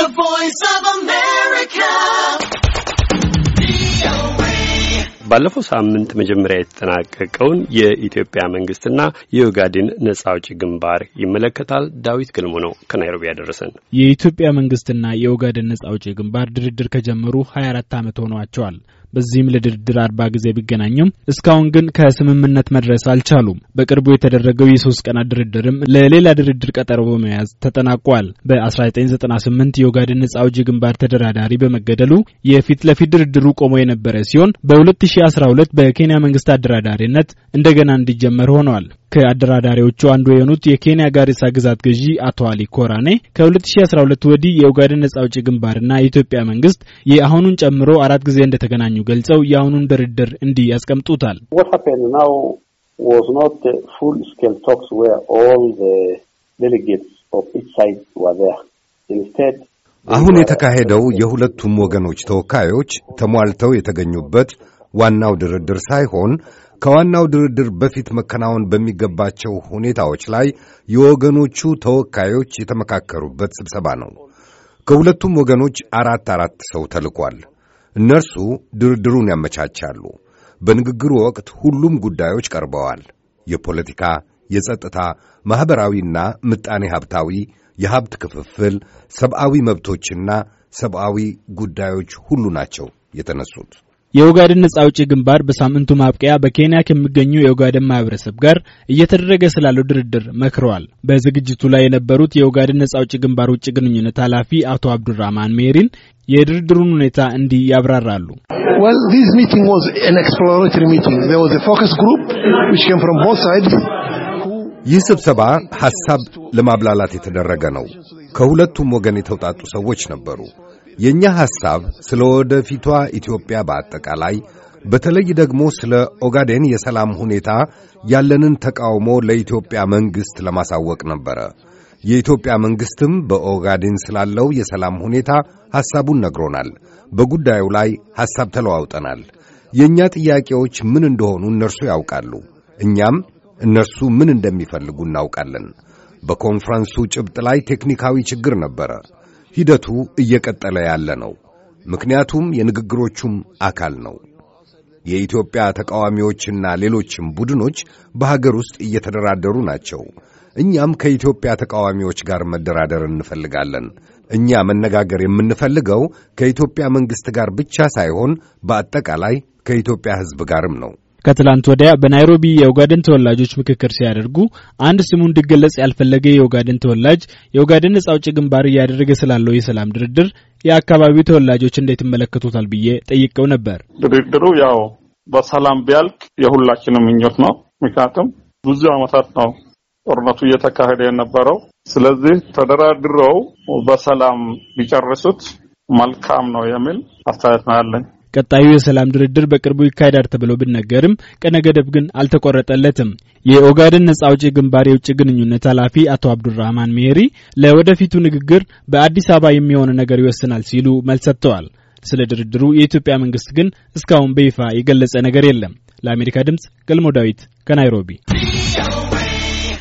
The Voice of America. ባለፈው ሳምንት መጀመሪያ የተጠናቀቀውን የኢትዮጵያ መንግስትና የኦጋዴን ነጻ አውጪ ግንባር ይመለከታል። ዳዊት ገልሞ ነው ከናይሮቢ ያደረሰን። የኢትዮጵያ መንግስትና የኦጋዴን ነጻ አውጪ ግንባር ድርድር ከጀመሩ 24 ዓመት ሆኗቸዋል። በዚህም ለድርድር አርባ ጊዜ ቢገናኙም እስካሁን ግን ከስምምነት መድረስ አልቻሉም። በቅርቡ የተደረገው የሶስት ቀናት ድርድርም ለሌላ ድርድር ቀጠሮ በመያዝ ተጠናቋል። በ1998 የኦጋዴን ነጻ አውጪ ግንባር ተደራዳሪ በመገደሉ የፊት ለፊት ድርድሩ ቆሞ የነበረ ሲሆን በ2012 በኬንያ መንግስት አደራዳሪነት እንደገና እንዲጀመር ሆኗል። ከአደራዳሪዎቹ አንዱ የሆኑት የኬንያ ጋሪሳ ግዛት ገዢ አቶ አሊ ኮራኔ ከ2012 ወዲህ የኡጋዴን ነጻ አውጪ ግንባርና የኢትዮጵያ መንግስት የአሁኑን ጨምሮ አራት ጊዜ እንደተገናኙ ገልጸው የአሁኑን ድርድር እንዲህ ያስቀምጡታል። አሁን የተካሄደው የሁለቱም ወገኖች ተወካዮች ተሟልተው የተገኙበት ዋናው ድርድር ሳይሆን ከዋናው ድርድር በፊት መከናወን በሚገባቸው ሁኔታዎች ላይ የወገኖቹ ተወካዮች የተመካከሩበት ስብሰባ ነው። ከሁለቱም ወገኖች አራት አራት ሰው ተልኳል። እነርሱ ድርድሩን ያመቻቻሉ። በንግግሩ ወቅት ሁሉም ጉዳዮች ቀርበዋል። የፖለቲካ፣ የጸጥታ፣ ማኅበራዊና ምጣኔ ሀብታዊ፣ የሀብት ክፍፍል፣ ሰብዓዊ መብቶችና ሰብዓዊ ጉዳዮች ሁሉ ናቸው የተነሱት። የኦጋዴን ነጻ አውጪ ግንባር በሳምንቱ ማብቂያ በኬንያ ከሚገኙ የኦጋዴን ማህበረሰብ ጋር እየተደረገ ስላለው ድርድር መክረዋል። በዝግጅቱ ላይ የነበሩት የኦጋዴን ነጻ አውጪ ግንባር ውጭ ግንኙነት ኃላፊ አቶ አብዱራህማን ሜሪን የድርድሩን ሁኔታ እንዲህ ያብራራሉ። ይህ ስብሰባ ሐሳብ ለማብላላት የተደረገ ነው። ከሁለቱም ወገን የተውጣጡ ሰዎች ነበሩ። የእኛ ሐሳብ ስለ ወደፊቷ ኢትዮጵያ በአጠቃላይ በተለይ ደግሞ ስለ ኦጋዴን የሰላም ሁኔታ ያለንን ተቃውሞ ለኢትዮጵያ መንግሥት ለማሳወቅ ነበረ። የኢትዮጵያ መንግሥትም በኦጋዴን ስላለው የሰላም ሁኔታ ሐሳቡን ነግሮናል። በጉዳዩ ላይ ሐሳብ ተለዋውጠናል። የእኛ ጥያቄዎች ምን እንደሆኑ እነርሱ ያውቃሉ። እኛም እነርሱ ምን እንደሚፈልጉ እናውቃለን። በኮንፈረንሱ ጭብጥ ላይ ቴክኒካዊ ችግር ነበረ። ሂደቱ እየቀጠለ ያለ ነው። ምክንያቱም የንግግሮቹም አካል ነው። የኢትዮጵያ ተቃዋሚዎችና ሌሎችም ቡድኖች በሀገር ውስጥ እየተደራደሩ ናቸው። እኛም ከኢትዮጵያ ተቃዋሚዎች ጋር መደራደር እንፈልጋለን። እኛ መነጋገር የምንፈልገው ከኢትዮጵያ መንግሥት ጋር ብቻ ሳይሆን በአጠቃላይ ከኢትዮጵያ ሕዝብ ጋርም ነው። ከትላንት ወዲያ በናይሮቢ የኦጋዴን ተወላጆች ምክክር ሲያደርጉ አንድ ስሙ እንዲገለጽ ያልፈለገ የኦጋዴን ተወላጅ የኦጋዴን ነጻ አውጪ ግንባር እያደረገ ስላለው የሰላም ድርድር የአካባቢው ተወላጆች እንዴት ይመለከቱታል ብዬ ጠይቀው ነበር። ድርድሩ ያው በሰላም ቢያልቅ የሁላችንም ምኞት ነው። ምክንያቱም ብዙ ዓመታት ነው ጦርነቱ እየተካሄደ የነበረው። ስለዚህ ተደራድረው በሰላም ቢጨርሱት መልካም ነው የሚል አስተያየት ነው ያለኝ። ቀጣዩ የሰላም ድርድር በቅርቡ ይካሄዳል ተብሎ ቢነገርም ቀነ ገደብ ግን አልተቆረጠለትም። የኦጋዴን ነጻ አውጪ ግንባር የውጭ ግንኙነት ኃላፊ አቶ አብዱራህማን ሜሪ ለወደፊቱ ንግግር በአዲስ አበባ የሚሆነ ነገር ይወስናል ሲሉ መልስ ሰጥተዋል። ስለ ድርድሩ የኢትዮጵያ መንግስት ግን እስካሁን በይፋ የገለጸ ነገር የለም። ለአሜሪካ ድምፅ ገልሞ ዳዊት ከናይሮቢ